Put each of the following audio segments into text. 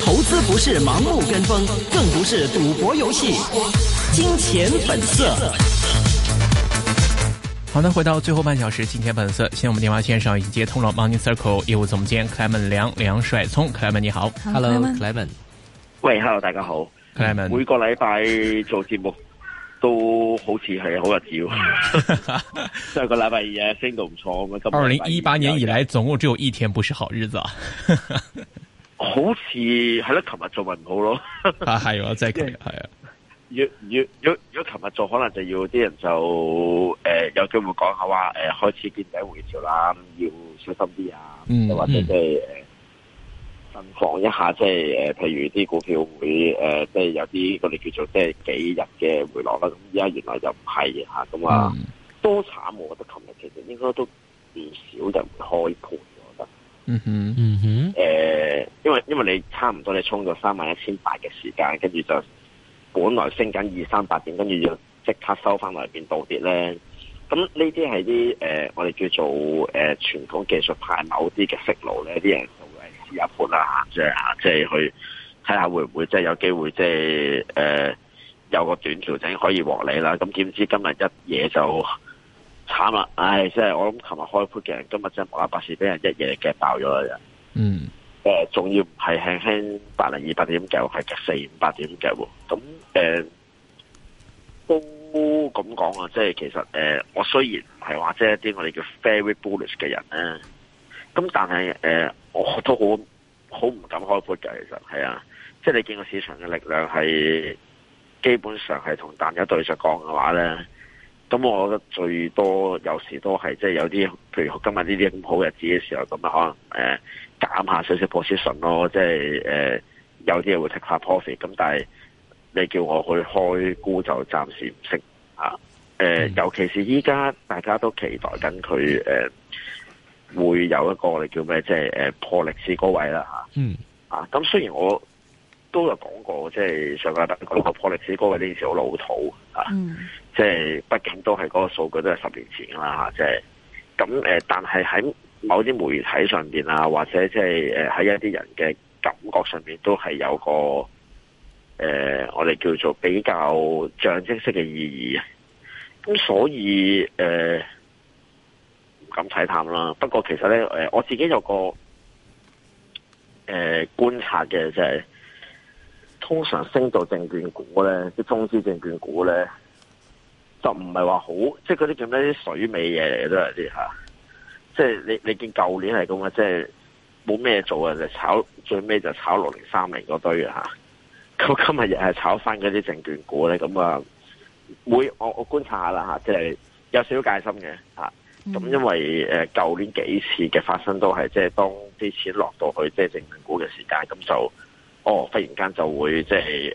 投資不是盲目跟風，更不是賭博遊戲。金錢本色。好的，回到最後半小時，金錢本色。現在我們電話線上已經接通了 Money Circle 業務總監 Clement 梁梁帥聰，Clement 你好，Hello Clement。喂，Hello 大家好，Clement。每個禮拜做節目。都好似係好日子，即係個禮拜二啊，升到唔錯咁。二零一八年以來，總共只有一天不是好日子啊。 好似係咯，琴日做咪唔好咯。啊， 係我即係係啊。要要要如果琴日做，可能就要啲人就誒、呃、有機會講下話誒，開始見底回潮啦，要小心啲啊。嗯，或者即係誒。嗯震一下，即係誒，譬如啲股票會誒，即係有啲我哋叫做即係幾日嘅回落啦。咁而家原來又唔係吓，咁、嗯、啊多慘！我覺得琴日其實應該都唔少人開盤，我覺得。嗯哼，嗯哼，誒，因為因為你差唔多你衝咗三萬一千八嘅時間，跟住就本來升緊二三百點，跟住要即刻收翻裏面到倒跌咧。咁呢啲係啲誒，我哋叫做誒傳統技術派某啲嘅思路咧，啲人。入盤啊，即係即係去睇下會唔會即係有機會即係誒有個短調整可以獲利啦。咁點知今日一嘢就慘啦！唉，即係我諗琴日開盤嘅人，今日真無啦啦，百事俾人一夜夾爆咗啦！嗯，誒、呃，仲要唔係輕輕百零二百點九，係四五百點九喎。咁誒都咁講啊，即係其實誒、呃，我雖然係話即係一啲我哋叫 fairly bullish 嘅人咧。咁、嗯、但係誒、呃，我都好好唔敢開闊嘅，其實係啊，即係你見個市場嘅力量係基本上係同大家對著講嘅話咧，咁我覺得最多有時都係即係有啲，譬如今日呢啲咁好日子嘅時候，咁啊可能誒、呃、減下少少 position 咯，即係誒、呃、有啲嘢會 take 下 profit。咁但係你叫我去開沽就暫時唔識啊。尤其是依家大家都期待緊佢誒。呃會有一個我哋叫咩？即係誒破歷史高位啦吓。嗯。啊，咁雖然我都有講過，即係上禮拜講過破歷史高位呢件事好老土啊。嗯。即係畢竟都係嗰個數據都係十年前噶啦吓。即係咁誒，但係喺某啲媒體上邊啊，或者即係誒喺一啲人嘅感覺上面都是，都係有個誒我哋叫做比較象徵式嘅意義啊。咁所以誒。咁睇淡啦。不過其實咧，誒，我自己有個誒、呃、觀察嘅就係、係，通常升到證券股咧，即中資證券股咧，就唔係話好，即係嗰啲叫咩啲水尾嘢嚟嘅都係啲吓。即係你你見舊年係咁啊，即係冇咩做、就係、炒最炒啊，炒啊，啊，就炒最尾就炒六零三零嗰堆啊。咁今日日係炒翻嗰啲證券股咧，咁啊，會我我觀察下啦吓，即係有少少戒心嘅吓。啊。咁、嗯、因為誒，舊年幾次嘅發生都係即係當啲錢落到去即係正股嘅時間，咁就哦，忽然間就會即係誒，唔、即係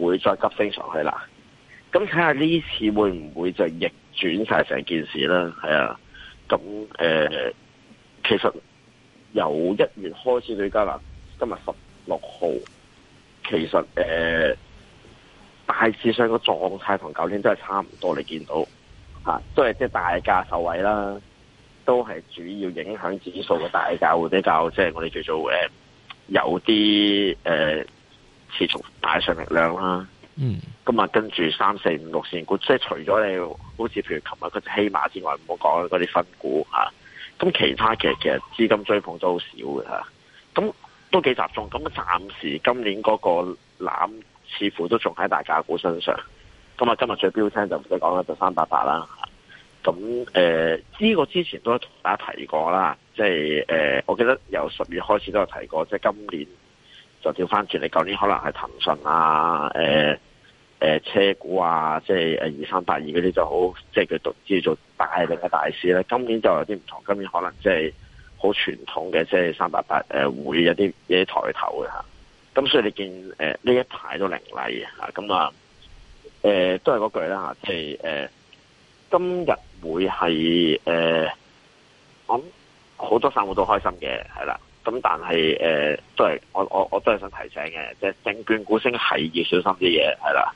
呃、會再急升上去啦。咁睇下呢次會唔會就逆轉晒成件事啦？係啊，咁誒、呃，其實由一月開始到而家啦，今日十六號，其實誒、呃，大致上個狀態同舊年都係差唔多，你見到。吓、啊，都係即係大價受惠啦，都係主要影響指數嘅大價，會比較即係我哋叫做誒有啲誒持續大上力量啦。嗯，咁啊跟住三四五六線股，即係除咗你好似譬如琴日隻希馬之外，唔好講嗰啲分股吓，咁、啊、其他其實其實資金追捧都好少嘅吓，咁、啊、都幾集中，咁、啊、暫時今年嗰個攬似乎都仲喺大價股身上。咁啊，今日最標青就唔使講啦，就三八八啦嚇。咁誒，呢、呃呢個之前都同大家提過啦，即係誒，我記得由十月開始都有提過，即、就、係、是、今年就調翻轉嚟。舊年可能係騰訊啊，誒、呃、誒車股啊，即係誒二三八二嗰啲就好、是，即係佢讀知做大定嘅大市咧。今年就有啲唔同，今年可能即係好傳統嘅，即係三八八誒、呃、會有啲嘢抬頭嘅嚇。咁所以你見誒呢一排都凌厲啊，咁啊～誒、呃，都係嗰句啦吓，即係誒，今日會係誒、呃，我諗好多散戶都開心嘅，係啦。咁但係誒、呃，都係我我我都係想提醒嘅，即、就、係、是、證券股升係要小心啲嘢，係啦。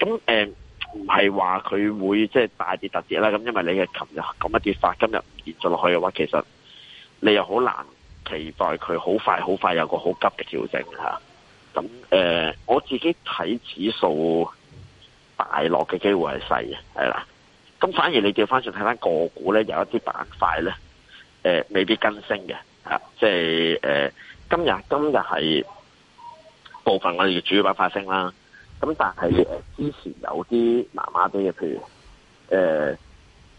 咁、嗯、誒，唔係話佢會即係、就是、大跌特跌啦。咁因為你嘅琴日咁一跌法，今日唔跌咗落去嘅話，其實你又好難期待佢好快好快有個好急嘅調整吓。咁、嗯、誒、呃，我自己睇指數。大落嘅機會係細嘅，係啦。咁反而你調翻轉睇翻個股咧，有一啲板塊咧、呃，未必跟升嘅。即係、呃、今日今日係部分我哋嘅主要板塊升啦。咁但係之前有啲麻麻哋嘅，譬如、呃、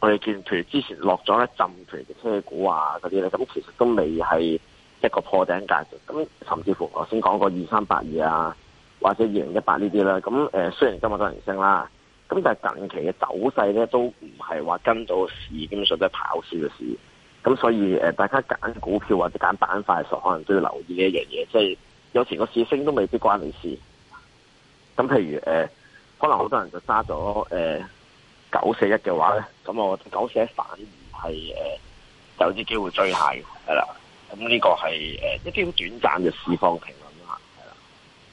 我哋見譬如之前落咗一浸譬如嘅車股啊嗰啲咧，咁其實都未係一個破頂價值。咁甚至乎我先講個二三八二啊。或者二零一八呢啲啦，咁誒雖然今日都係升啦，咁但係近期嘅走勢咧都唔係話跟到市，基本上都係跑市嘅市。咁所以誒，大家揀股票或者揀板塊嘅時候，可能都要留意一樣嘢，即係有時個市升都未必關你事。咁譬如誒，可能好多人就揸咗誒九四一嘅話咧，咁我九四一反而係誒、呃、有啲機會追下嘅，係啦。咁呢個係誒、呃、一啲好短暫嘅市況。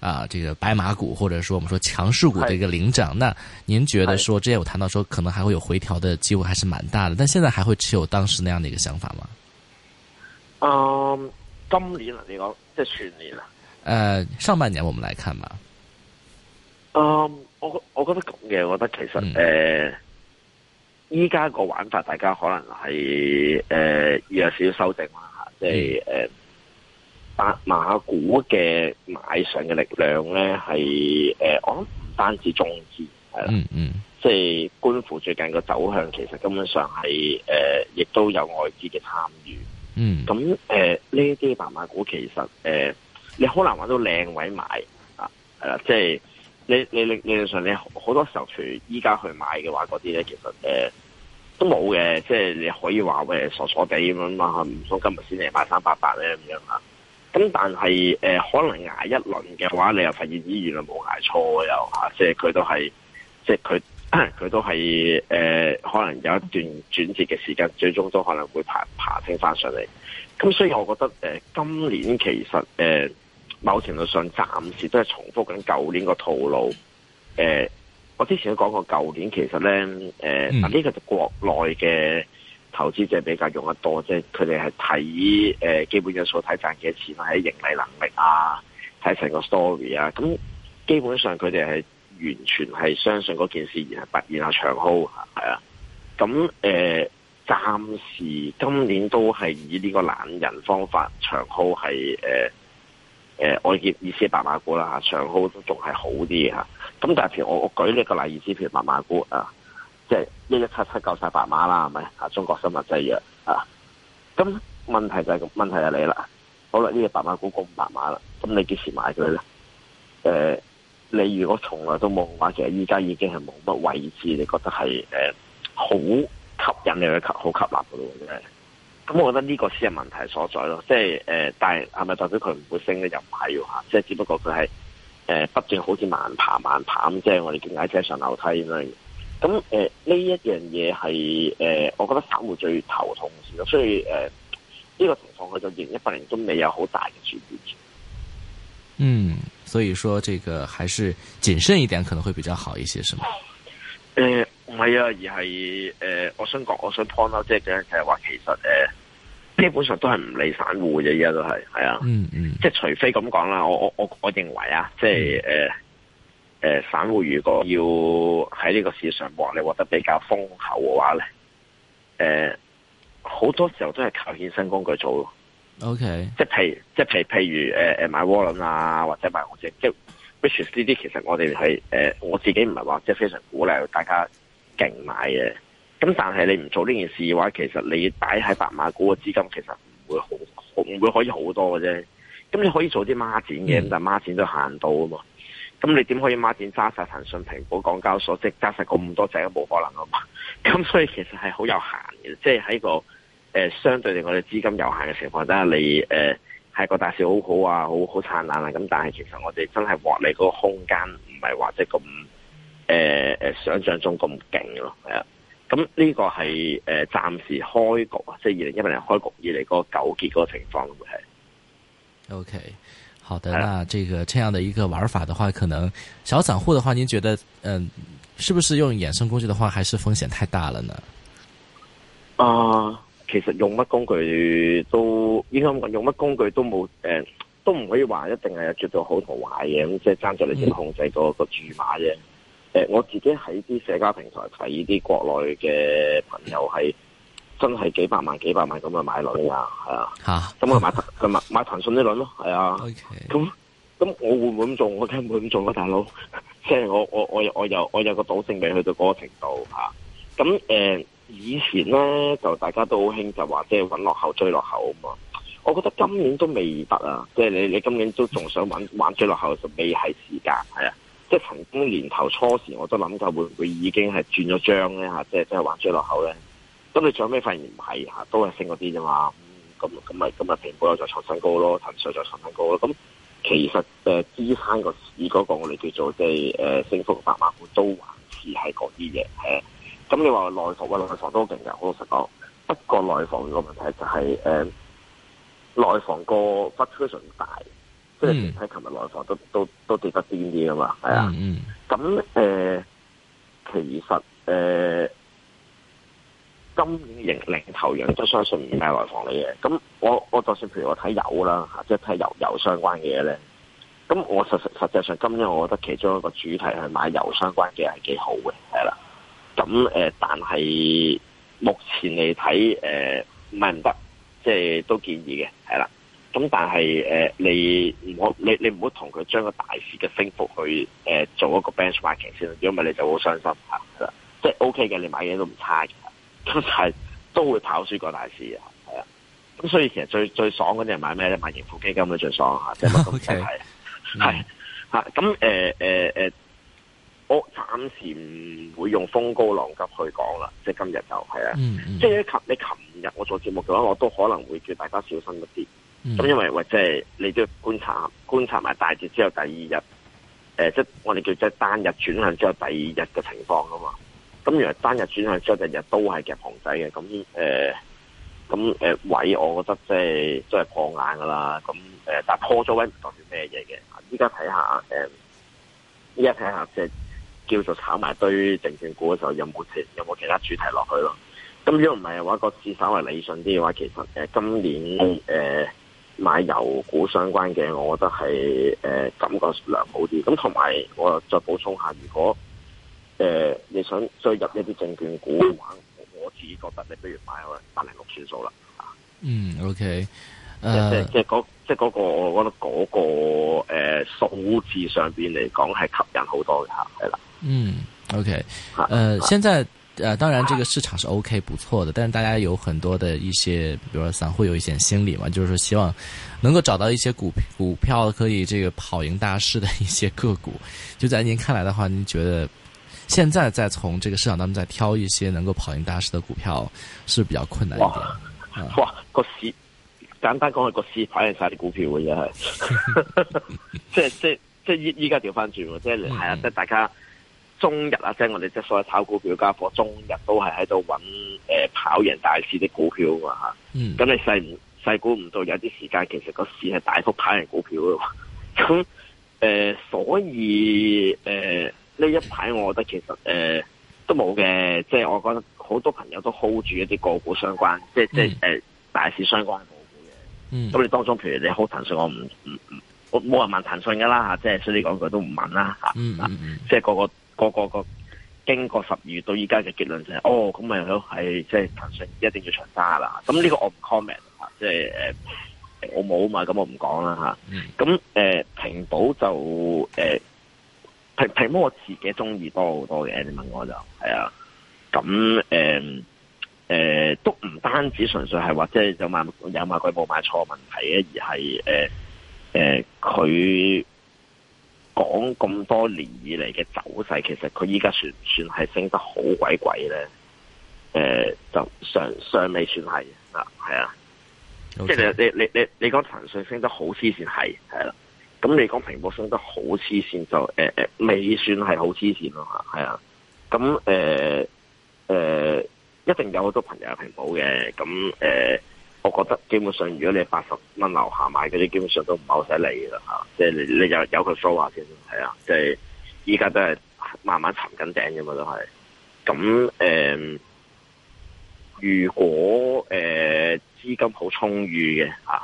啊，這個白馬股或者說我們說強勢股的一個領漲，那您覺得說之前有談到說可能還會有回調的機會，還是蠻大的。的但現在還會持有當時那樣的一個想法嗎？嗯、呃，今年啊，你講即係全年啊？呃，上半年我們來看吧。嗯、呃，我我覺得咁嘅，我覺得其實誒，依家個玩法大家可能係誒、呃、有少少修正啦吓、嗯，即係誒。呃白馬股嘅買上嘅力量咧，係誒、呃，我諗唔單止中資，係啦，即、嗯、係、嗯就是、觀乎最近個走向，其實根本上係誒、呃，亦都有外資嘅參與。嗯，咁誒，呢、呃、啲白馬股其實誒、呃，你難好難搵到靚位買啊，係啦，即係、就是、你你你理論上你好多時候除依家去買嘅話呢，嗰啲咧其實誒、呃、都冇嘅，即、就、係、是、你可以話喂傻傻地咁樣啦，唔通今日先至買三八八咧咁樣啦。咁但係誒、呃，可能捱一輪嘅話，你又發現依原來冇捱錯又嚇，即係佢都係，即係佢佢都係誒、呃，可能有一段轉折嘅時間，最終都可能會爬爬升翻上嚟。咁所以，我覺得誒、呃，今年其實誒、呃，某程度上暫時都係重複緊舊年個套路。誒、呃，我之前都講過，舊年其實咧誒，嗱、呃、呢、嗯、個就國內嘅。投資者比較用得多，即係佢哋係睇誒基本因素，睇賺幾多錢，睇盈利能力啊，睇成個 story 啊。咁基本上佢哋係完全係相信嗰件事而係買，然後長號係啊。咁誒、呃，暫時今年都係以呢個懶人方法長號係誒誒，我見意思係白馬股啦嚇，長號都仲係好啲嚇。咁、啊、但係譬如我我舉呢個例意思譬如白馬股啊，即係。一一七七救晒白馬啦，係咪啊？中國生物製藥啊，咁問題就係、是、問題就是你啦。好啦，呢個白馬股高唔白馬啦，咁你幾時買佢咧？誒、呃，你如果從來都冇嘅話，其實依家已經係冇乜位置，你覺得係誒好吸引你去，好吸納嘅咯，咁、呃、我覺得呢個先係問題所在咯，即係誒、呃，但係係咪代表佢唔會升咧？又唔係喎，即係只不過佢係誒，不斷好似慢爬慢爬咁，即係我哋電單車上樓梯咁樣。咁誒呢一樣嘢係誒，我覺得散戶最頭痛嘅事咯，所以誒呢、呃這個情況佢就連一百年都未有好大嘅轉變。嗯，所以說這個還是謹慎一點可能會比較好一些，是嗎？誒，唔，呃、係啊，而係誒、呃，我想講，我想 point out 即係咧，就係話其實誒、呃，基本上都係唔理散戶嘅，而家都係係啊，嗯嗯，即係除非咁講啦，我我我我認為啊，即係誒。嗯誒，散戶如果要喺呢個市場獲，你獲得比較豐厚嘅話咧，誒、呃，好多時候都係靠衍生工具做咯。O、okay. K，即係譬，即係譬譬如誒誒、呃、買窩輪啊，或者買股證，即係呢啲其實我哋係誒我自己唔係話即係非常鼓勵大家勁買嘅。咁但係你唔做呢件事嘅話，其實你擺喺白馬股嘅資金其實唔會好，唔會可以好多嘅啫。咁你可以做啲孖展嘅，mm. 但係孖展都限度啊嘛。咁你點可以孖展揸晒騰訊、蘋果、港交所，即係揸晒咁多隻都冇可能啊嘛！咁所以其實係好有限嘅，即係喺個誒、呃、相對嚟我哋資金有限嘅情況之下，你誒係、呃、個大市好好啊，好好燦爛啊！咁但係其實我哋真係獲利嗰個空間唔係話即係咁誒誒想象中咁勁咯，係、呃、啊！咁呢個係誒暫時開局啊，即係二零一八年開局以嚟個糾結嗰個情況係。O K。Okay. 好的，那這個這樣的一個玩法的話，可能小散戶的話，您覺得，嗯、呃，是不是用衍生工具的話，還是風險太大了呢？啊，其實用乜工具都，應該我用乜工具都冇，誒、呃，都唔可以話一定係絕對好同壞嘅，咁即係爭在你點控制、嗰個、嗯這個注碼啫。誒、呃，我自己喺啲社交平台睇啲國內嘅朋友係。真係幾百萬幾百萬咁去買輪啊，係、嗯、啊，吓咁啊買騰佢買買騰訊啲輪咯，係啊。咁、okay. 咁、嗯嗯嗯、我會唔會咁做？我聽唔會咁做啊大佬。即 係我我我又我又我有個賭性未去到嗰個程度吓。咁誒、嗯，以前咧就大家都好興就話，即係穩落後追落後啊嘛。我覺得今年都未得啊，即、就、係、是、你你今年都仲想穩玩，玩追落後就未係時間係啊。即係曾經年頭初，初時，我都諗過會唔會已經係轉咗章咧吓？即係即係玩追落後咧。咁你最後尾發現唔係都係升嗰啲啫嘛。咁咁咪咁咪平保又再創新高咯，騰訊再創新高咯。咁其實誒、呃，支撐個市嗰個我哋叫做即係誒升幅白馬股都還似係嗰啲嘢。咁、呃、你話內房啊、呃，內房都勁嘅。好老實講，不過內房個問題就係、是呃、內房個 fluctuation 大，即係睇琴日內房都都都跌得癲啲啊嘛。啊。咁、mm. 呃、其實、呃今年領領頭羊都相信唔係內房嚟嘅，咁我我就算譬如我睇油啦，即係睇油油相關嘅嘢咧，咁我實實實際上今日我覺得其中一個主題係買油相關嘅係幾好嘅，係啦。咁、呃、但係目前嚟睇唔係唔得，即、呃、係、就是、都建議嘅，係啦。咁但係、呃、你唔好你你唔好同佢將個大市嘅升幅去、呃、做一個 benchmarking 先，如果唔係你就好傷心係啦。即係 OK 嘅，你買嘢都唔差嘅。都係都會跑輸過大市，係啊。咁所以其實最最爽嗰啲人買咩咧？買盈富基金最爽吓，即係係，吓。咁誒誒誒，我暫時唔會用風高浪急去講啦。就是天 mm-hmm. 即係今日就係啊。即係喺琴喺琴日我做節目嘅話，我都可能會叫大家小心一啲。咁、mm-hmm. 因為或者係你都要觀察，觀察埋大市之後第二日，誒、呃、即、就、係、是、我哋叫即係單日轉向，之後第二日嘅情況啊嘛。咁原來單日轉向之後，日日都係夾熊仔嘅。咁、呃、誒，咁、呃、位，我覺得即係都係過硬噶啦。咁、呃、但係錯咗位唔代表咩嘢嘅。依家睇下誒，依家睇下即係叫做炒埋堆證券股嘅時候，有冇有冇其他主題落去咯？咁如果唔係嘅話，個市稍微理性啲嘅話，其實、呃、今年誒、嗯呃、買油股相關嘅，我覺得係誒、呃、感覺良好啲。咁同埋，我再補充下，如果誒、呃，你想追入一啲證券股玩？我自己覺得你不如買可能八零六算數啦。嗯，嗯，OK，、呃、即係即係嗰即係、那個我覺得嗰個誒數、呃、字上邊嚟講係吸引好多嘅吓，係啦。嗯，OK 吓、呃。誒、啊，現在誒、啊，當然，這個市場是 OK 不錯嘅，但係大家有很多的一些，比如散戶有一些心理嘛，就是說希望能夠找到一些股股票可以這個跑贏大市的一些個股。就在您看來的話，您覺得？現在再從這個市場當中再挑一些能夠跑贏大市的股票，是比較困難一點。哇，個市，簡單講係個市跑贏晒啲股票嘅，而 係，即係即係即係依依家調翻轉，即係係啊，即係、嗯、大家中日啊，即係我哋即係所謂炒股票家伙，中日都係喺度揾誒跑贏大市啲股票噶吓。咁、嗯、你細唔細估唔到有啲時間其實個市係大幅跑贏股票咯。咁、呃、誒，所以誒。呃呢一排我覺得其實誒、呃、都冇嘅，即、就、係、是、我覺得好多朋友都 hold 住一啲個股相關，即係即係誒大市相關股嘅。咁、嗯、你當中，譬如你 hold 騰訊，我唔唔唔，我冇人問騰訊㗎啦吓，即係所以你講句都唔問啦吓。即、嗯、係、嗯嗯啊就是、個個個個個經過十二月到依家嘅結論就係、是，哦，咁咪係即係騰訊一定要長揸啦。咁、嗯、呢個我唔 comment 啊，即係誒，我冇嘛，咁我唔講啦吓。咁、嗯、誒，平保、呃、就誒。呃係，起碼我自己中意多好多嘅，你問我就係啊。咁誒誒，都唔單止純粹係或者有買有買貴冇買錯問題咧，而係誒誒，佢講咁多年以嚟嘅走勢，其實佢依家算算係升得好鬼鬼咧。誒、嗯，就尚未算係啊，係啊。即係、okay. 你你你你你講騰訊升得好黐線，係係啦。咁你講平保升得好黐線，就誒誒、呃呃、未算係好黐線咯吓，係啊。咁誒誒，一定有好多朋友係平保嘅。咁誒、呃，我覺得基本上如果你八十蚊樓下買嗰啲，基本上都唔係好犀利噶吓。即係你你有有佢 w 話先，係啊。即係依家都係慢慢沉緊頂咁嘛。都係。咁誒、呃，如果誒資、呃、金好充裕嘅，吓。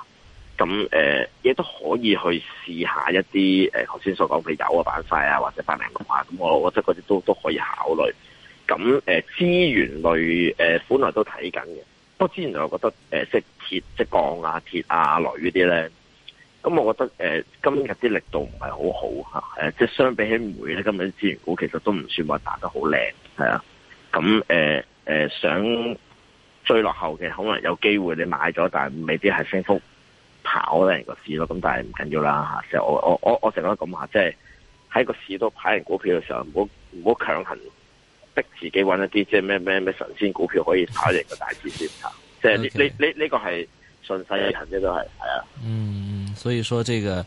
咁誒，亦都可以去試下一啲誒，頭先所講嘅油嘅板塊啊，或者百明嘅啊，咁我我覺得嗰啲都都可以考慮。咁誒，資源類誒，本來都睇緊嘅，不過資源類我覺得誒，即係鐵、即係鋼啊、鐵啊、鋁呢啲咧，咁我覺得誒、呃，今日啲力度唔係好好吓，誒、呃，即係相比起煤咧，今日啲資源股其實都唔算話打得好靚，係啊。咁誒誒，想追落後嘅可能有機會你買咗，但係未必係升幅。考呢個市咯，咁但係唔緊要啦吓。其實我我我我成日都咁話，即係喺個市度跑贏股票嘅時候，唔好唔好強行逼自己揾一啲即係咩咩咩神仙股票可以跑贏個大市先。即係呢呢呢呢個係信心嘅都係係啊。嗯，所以說這個。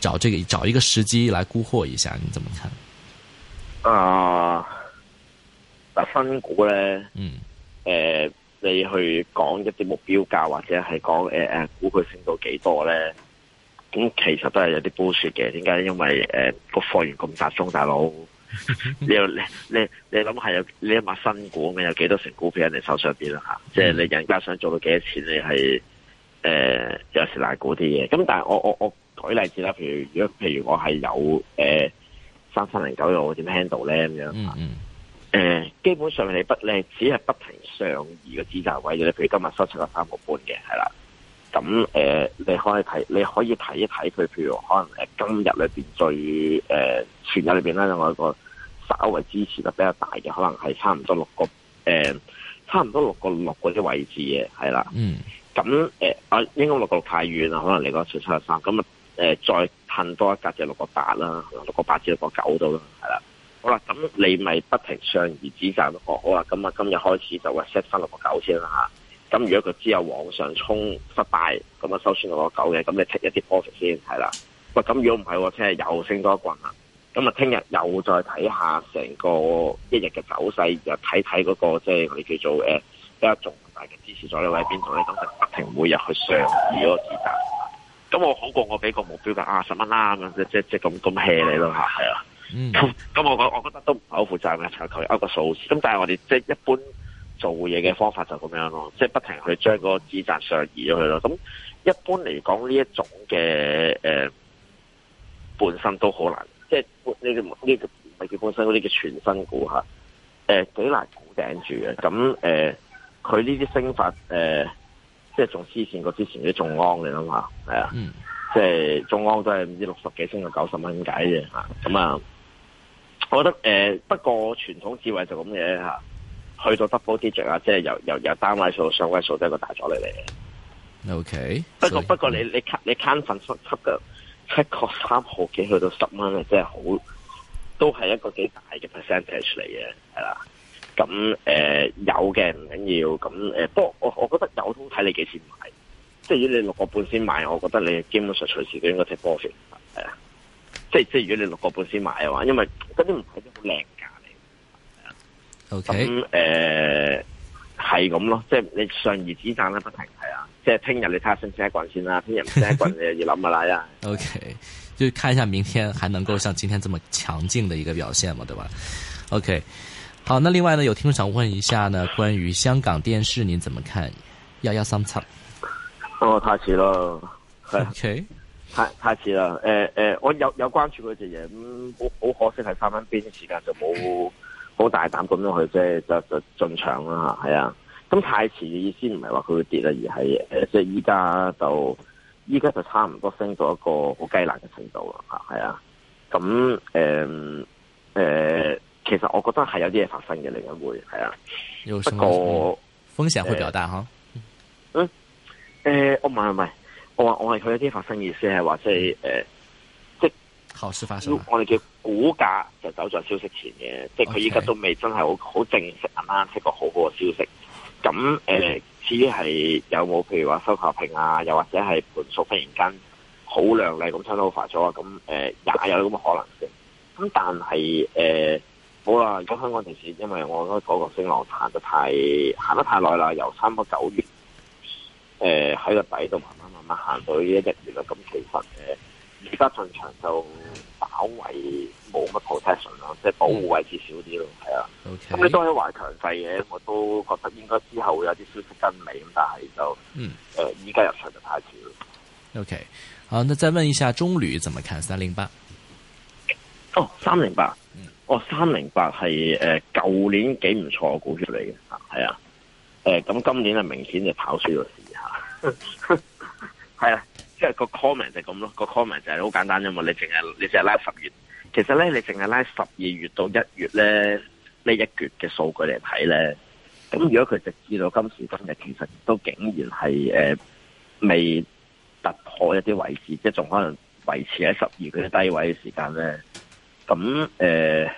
找這個找一個時機來估貨一下，你怎麼看？啊，嗱，新股咧，嗯，誒、呃，你去講一啲目標價或者係講誒誒，估佢升到幾多咧？咁、嗯、其實都係有啲 bullshit 嘅，點解？因為誒個貨源咁集中，大佬， 你你你你諗下有你一買新股咁有幾多成股票畀人哋手上邊啦吓？即、嗯、係、就是、你人家想做到幾多錢，你係誒、呃、有時難估啲嘢。咁但係我我我。我我舉例子啦，譬如如果譬如我係有誒三三零九六點 handle 咧咁樣，誒、呃 mm-hmm. 呃、基本上你不咧，只係不停上移嘅支撐位啫。譬如今日收七個三個半嘅，係啦。咁誒、呃，你可以睇，你可以睇一睇佢，譬如可能誒今日裏邊最誒、呃、全日裏邊咧，有一個稍微支持得比較大嘅，可能係差唔多六個誒、呃，差唔多六個六嗰啲位置嘅，係啦。嗯、mm-hmm. 咁、呃、誒，我應該六個六太遠啦，可能離嗰個七七十三咁啊。誒再噴多一格就六個八啦，六個八至六個九度啦，係啦。好啦，咁你咪不停上移指責咯。好啦，咁啊今日開始就 set 翻六個九先啦嚇。咁如果佢之後往上衝失敗，咁啊收穿六個九嘅，咁你 take 一啲 profit 先係啦。喂，咁如果唔係，即係又升多一棍啦。咁啊，聽日又再睇下成個一日嘅走勢，又睇睇嗰個即係我哋叫做誒比較重大嘅支持阻力位喺邊度咧。當成不停每日去上移嗰個指責。咁我好過，我俾個目標噶啊十蚊啦咁樣，即即即咁咁 hea 你咯吓，係啊咁 我覺我覺得都唔係好負責嘅，求求一個數字。咁但係我哋即一般做嘢嘅方法就咁樣咯，即不停去將個資金上移咗去咯。咁一般嚟講呢一種嘅誒、呃、半新都好難，即呢、這個呢個唔係叫半新，啲、這、叫、個、全新股吓。誒、呃、幾難保頂住嘅。咁誒佢呢啲升法誒。呃即係仲黐線過之前啲眾安嚟啦嘛，係啊，即係眾安都係唔知六十幾升到九十蚊咁解嘅咁啊，我覺得誒，不過傳統智慧就咁嘅去到 double digit 啊，即係由由由單位數上位數都係一個大阻力嚟嘅。O K，不過不過你你你 count 出嘅七個三毫幾去到十蚊啊，即係好，都係一個幾大嘅 percentage 嚟嘅，係啦。咁誒、呃、有嘅唔緊要，咁誒、呃、不過我我覺得有都睇你幾時買，即係如果你六個半先買，我覺得你基本上隨時都應該 take profit，係啊。即係即係如果你六個半先買嘅話，因為嗰啲唔係啲好靚價嚟。O K，誒係咁咯，即係你上而止賺啦，不停係啊。即係聽日你睇下升唔升一棍先啦，聽日唔使一棍你又要諗下啦。O K，就看一下明天還能夠像今天這麼強勁的一個表現嘛，對吧？O K。Okay. 好、哦，那另外呢，有聽眾想問一下呢，關於香港電視，您怎麼看？幺幺三七，哦，太遲咯。OK，太太遲啦。誒、呃、誒、呃，我有有關注佢隻嘢，咁好好可惜係翻邊啲時間就冇好大膽咁樣去即係就進場啦。係啊，咁太遲嘅意思唔係話佢會跌啊，而係誒即係依家就依家就差唔多升到一個好艱難嘅程度是啊。係啊，咁誒誒。呃其實我覺得係有啲嘢發生嘅，嚟緊會係啊，有什麼不過風險會比較大哈、呃。嗯，誒、呃，我唔係唔係，我話我係佢有啲發生意思係話即係誒，即係好事發生、啊。我哋叫股價就走在消息前嘅，即係佢依家都未真係好好正式啱啱出個好好嘅消息。咁誒、呃嗯，至於係有冇譬如話收購平啊，又或者係盤數忽然間好靚麗咁穿 o v 咗，咁誒、呃，也有咁嘅可能性。咁但係誒。呃好啦、啊！而家香港電視，因為我覺得個升浪彈得太行得太耐啦，由三個九月，誒、呃、喺個底度慢慢慢慢行到一日月啦。咁其實誒，而家進場就稍為冇乜 protection 啦，即係保護位置少啲咯。係、嗯、啊，咁、okay，你都係話強勢嘅，我都覺得應該之後會有啲消息跟尾，咁但係就嗯誒，依、呃、家入場就太遲。O、okay，K，好，那再問一下中旅，怎麼看三零八？308？哦，三零八，嗯。哦，三零八係誒，舊、呃、年幾唔錯嘅股票嚟嘅吓，係啊，誒，咁、呃呃呃呃、今年係明顯就跑輸咗市吓，係 啊，即係個 comment 就咁咯，個 comment 就係好簡單啫嘛，你淨係你淨係拉十月，其實咧你淨係拉十二月到一月呢一月咧呢一月嘅數據嚟睇咧，咁如果佢直至到今時今日，其實都竟然係誒、呃、未突破一啲位置，即係仲可能維持喺十二月嘅低位嘅時間咧。咁誒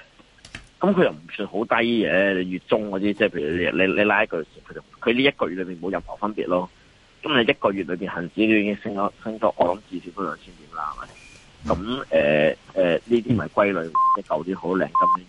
咁佢又唔算好低嘅，月中啲，即係譬如你你你拉一個月佢就佢呢一個月裏邊冇任何分別咯。咁你一個月裏邊恆指都已經升咗升咗，我諗至少都兩千點啦，係咪？咁，誒誒，呢啲咪歸類，即舊啲好靚嘅。靈